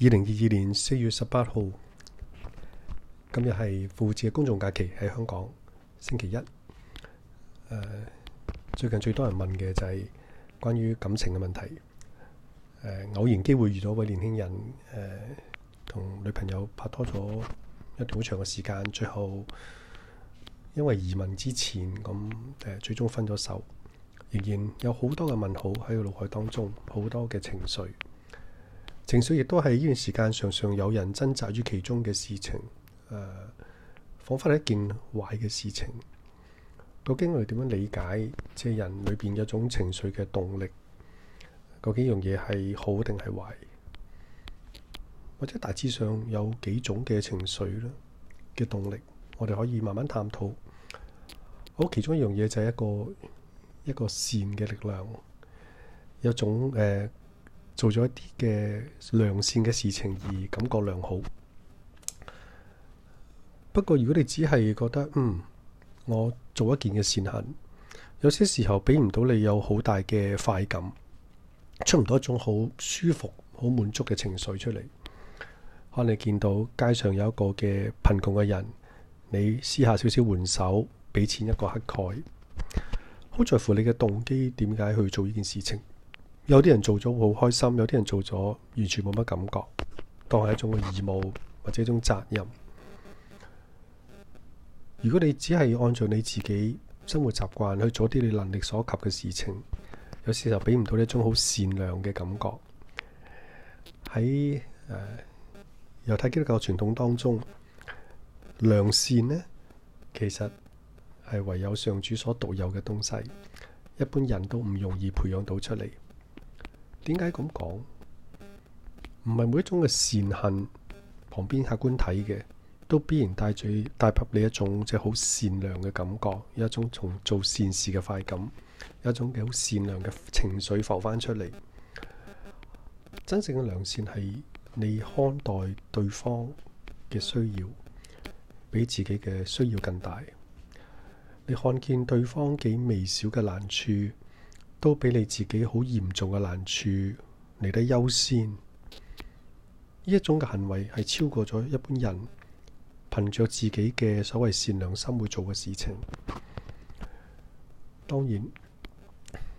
二零二二年四月十八號，今日係復活節嘅公眾假期喺香港，星期一。呃、最近最多人問嘅就係關於感情嘅問題。呃、偶然機會遇到一位年輕人，同、呃、女朋友拍拖咗一段好長嘅時間，最後因為移民之前，咁、呃、最終分咗手。仍然有好多嘅問號喺腦海當中，好多嘅情緒。情緒亦都係呢段時間常常有人掙扎於其中嘅事情，誒、呃，仿佛係一件壞嘅事情。究竟我哋點樣理解即係人裏邊一種情緒嘅動力？究竟呢樣嘢係好定係壞？或者大致上有幾種嘅情緒咧嘅動力，我哋可以慢慢探討。好，其中一樣嘢就係一個一個善嘅力量，有種誒。呃做咗一啲嘅良善嘅事情而感覺良好，不過如果你只係覺得嗯，我做一件嘅善行，有些時候俾唔到你有好大嘅快感，出唔到一種好舒服、好滿足嘅情緒出嚟。可能你見到街上有一個嘅貧窮嘅人，你私下少少援手，俾錢一個乞丐，好在乎你嘅動機點解去做呢件事情。有啲人做咗好開心，有啲人做咗完全冇乜感覺，當係一種義務或者一種責任。如果你只係按照你自己生活習慣去做啲你能力所及嘅事情，有時就俾唔到一種好善良嘅感覺。喺誒猶太基督教傳統當中，良善呢其實係唯有上主所獨有嘅東西，一般人都唔容易培養到出嚟。點解咁講？唔係每一種嘅善行，旁邊客觀睇嘅，都必然帶住帶給你一種即係好善良嘅感覺，一種從做善事嘅快感，一種好善良嘅情緒浮翻出嚟。真正嘅良善係你看待對方嘅需要，比自己嘅需要更大。你看見對方幾微小嘅難處。都比你自己好嚴重嘅難處嚟得優先，呢一種嘅行為係超過咗一般人憑着自己嘅所謂善良心會做嘅事情。當然，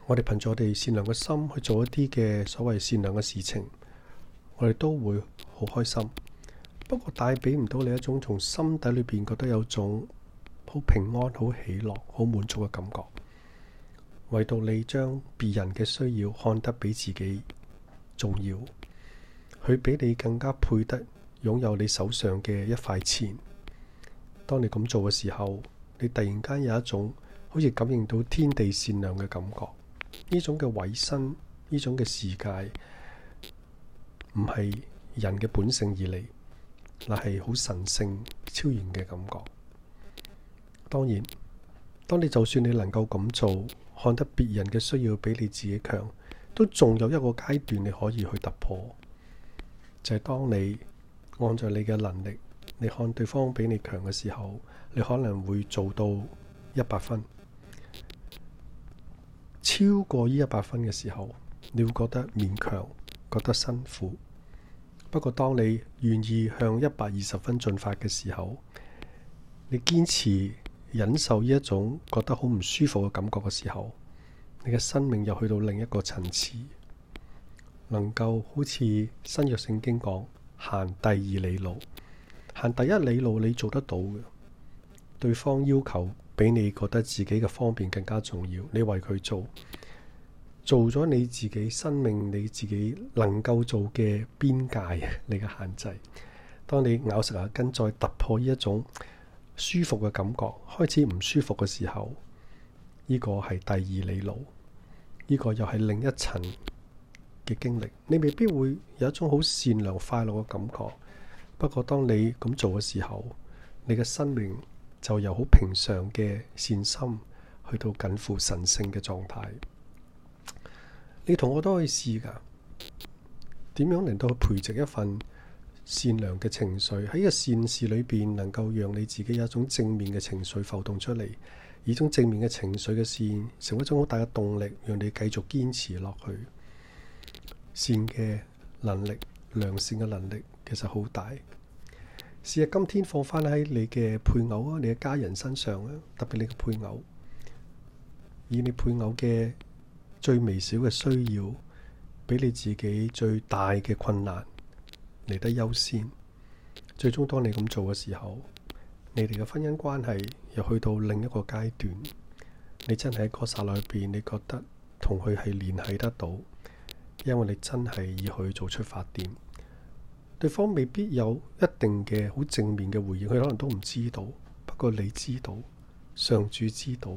我哋憑着我哋善良嘅心去做一啲嘅所謂善良嘅事情，我哋都會好開心。不過帶畀唔到你一種從心底裏邊覺得有種好平安、好喜樂、好滿足嘅感覺。唯獨你將別人嘅需要看得比自己重要，佢比你更加配得擁有你手上嘅一塊錢。當你咁做嘅時候，你突然間有一種好似感應到天地善良嘅感覺。呢種嘅委身，呢種嘅世界，唔係人嘅本性而嚟，那係好神聖超然嘅感覺。當然，當你就算你能夠咁做。看得別人嘅需要比你自己強，都仲有一個階段你可以去突破。就係當你按照你嘅能力，你看對方比你強嘅時候，你可能會做到一百分。超過呢一百分嘅時候，你會覺得勉強，覺得辛苦。不過，當你願意向一百二十分進發嘅時候，你堅持。忍受呢一種覺得好唔舒服嘅感覺嘅時候，你嘅生命又去到另一個層次，能夠好似新約聖經講行第二里路，行第一里路你做得到嘅。對方要求比你覺得自己嘅方便更加重要，你為佢做，做咗你自己生命你自己能夠做嘅邊界，你嘅限制。當你咬實牙根，再突破呢一種。舒服嘅感覺，開始唔舒服嘅時候，呢個係第二里路，呢個又係另一層嘅經歷。你未必會有一種好善良快樂嘅感覺，不過當你咁做嘅時候，你嘅生命就由好平常嘅善心去到近乎神聖嘅狀態。你同我都可以試㗎，點樣令到佢培植一份善良嘅情緒喺呢個善事裏邊，能夠讓你自己有一種正面嘅情緒浮動出嚟，以一種正面嘅情緒嘅善，成為一種好大嘅動力，讓你繼續堅持落去。善嘅能力，良善嘅能力其實好大。試下今天放翻喺你嘅配偶啊，你嘅家人身上啊，特別你嘅配偶，以你配偶嘅最微小嘅需要，俾你自己最大嘅困難。嚟得優先，最終當你咁做嘅時候，你哋嘅婚姻關係又去到另一個階段。你真係喺嗰剎裏邊，你覺得同佢係聯繫得到，因為你真係以佢做出發點。對方未必有一定嘅好正面嘅回應，佢可能都唔知道。不過你知道，上主知道，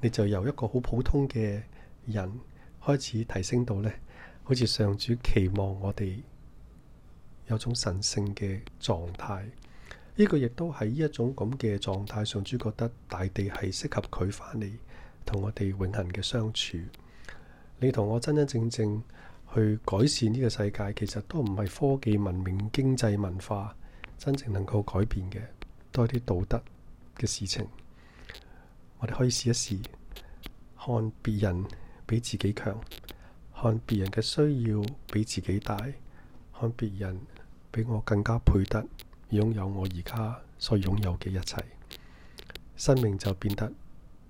你就由一個好普通嘅人開始提升到咧，好似上主期望我哋。有種神聖嘅狀態，呢個亦都喺一種咁嘅狀態上，主覺得大地係適合佢返嚟同我哋永恆嘅相處。你同我真真正正去改善呢個世界，其實都唔係科技文明、經濟文化真正能夠改變嘅，多啲道德嘅事情。我哋可以試一試，看別人比自己強，看別人嘅需要比自己大，看別人。俾我更加配得擁有我而家所擁有嘅一切，生命就變得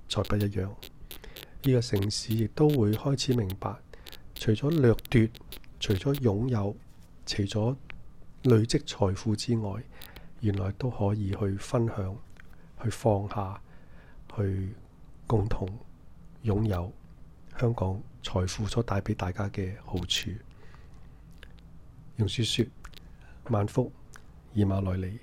再不一樣。呢個城市亦都會開始明白，除咗掠奪、除咗擁有、除咗累積財富之外，原來都可以去分享、去放下、去共同擁有香港財富所帶俾大家嘅好處。容雪雪。萬福以馬內利。